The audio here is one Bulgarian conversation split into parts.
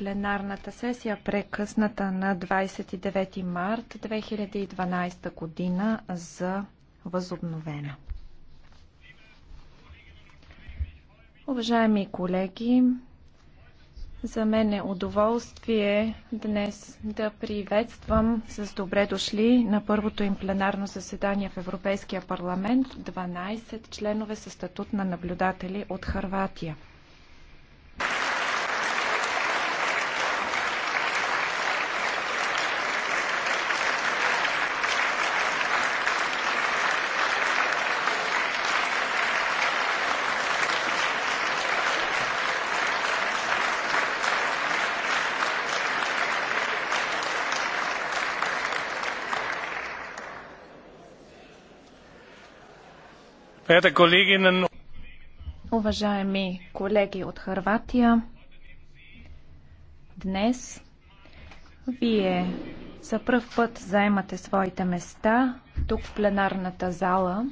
пленарната сесия, прекъсната на 29 март 2012 година за възобновена. Уважаеми колеги, за мен е удоволствие днес да приветствам с добре дошли на първото им пленарно заседание в Европейския парламент 12 членове със статут на наблюдатели от Харватия. Уважаеми колеги от Харватия, днес вие за пръв път заемате своите места тук в пленарната зала.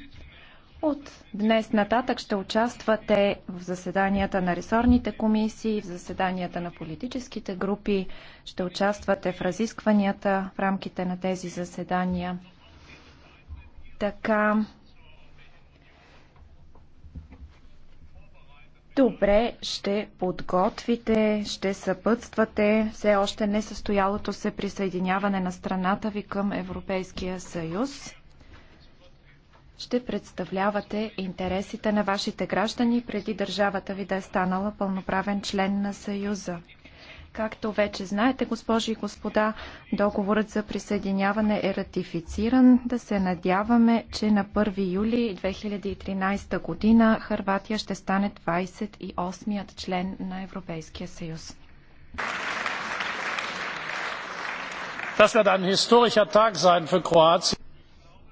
От днес нататък ще участвате в заседанията на ресорните комисии, в заседанията на политическите групи, ще участвате в разискванията в рамките на тези заседания. Така добре ще подготвите, ще съпътствате все още несъстоялото се присъединяване на страната ви към Европейския съюз? Ще представлявате интересите на вашите граждани преди държавата ви да е станала пълноправен член на Съюза. Както вече знаете, госпожи и господа, договорът за присъединяване е ратифициран. Да се надяваме, че на 1 юли 2013 година Харватия ще стане 28-ят член на Европейския съюз. Das wird ein historischer Tag sein für Kroatien.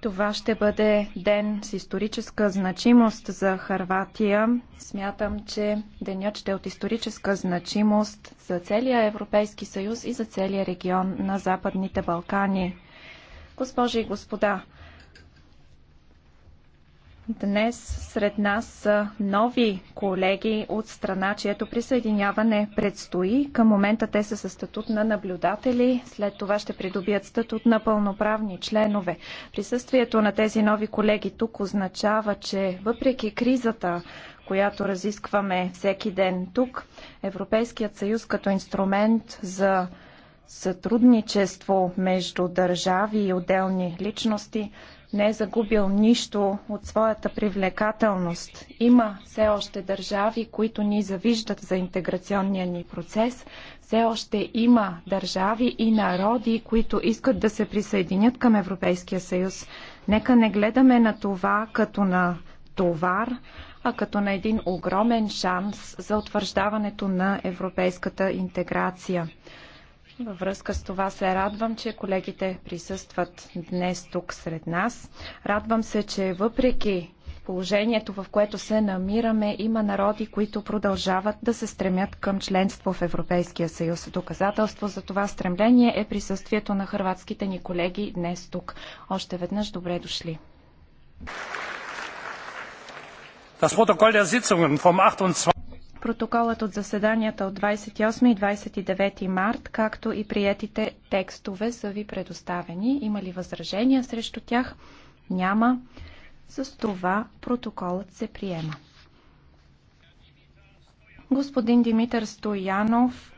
Това ще бъде ден с историческа значимост за Харватия. Смятам, че денят ще е от историческа значимост за целия Европейски съюз и за целия регион на Западните Балкани. Госпожи и господа, Днес сред нас са нови колеги от страна, чието присъединяване предстои. Към момента те са със статут на наблюдатели, след това ще придобият статут на пълноправни членове. Присъствието на тези нови колеги тук означава, че въпреки кризата, която разискваме всеки ден тук, Европейският съюз като инструмент за сътрудничество между държави и отделни личности – не е загубил нищо от своята привлекателност. Има все още държави, които ни завиждат за интеграционния ни процес. Все още има държави и народи, които искат да се присъединят към Европейския съюз. Нека не гледаме на това като на товар, а като на един огромен шанс за утвърждаването на европейската интеграция. Във връзка с това се радвам, че колегите присъстват днес тук сред нас. Радвам се, че въпреки положението, в което се намираме, има народи, които продължават да се стремят към членство в Европейския съюз. Доказателство за това стремление е присъствието на хрватските ни колеги днес тук. Още веднъж добре дошли. Das Protokoll der Sitzungen vom 28 протоколът от заседанията от 28 и 29 март, както и приетите текстове са ви предоставени. Има ли възражения срещу тях? Няма. С това протоколът се приема. Господин Димитър Стоянов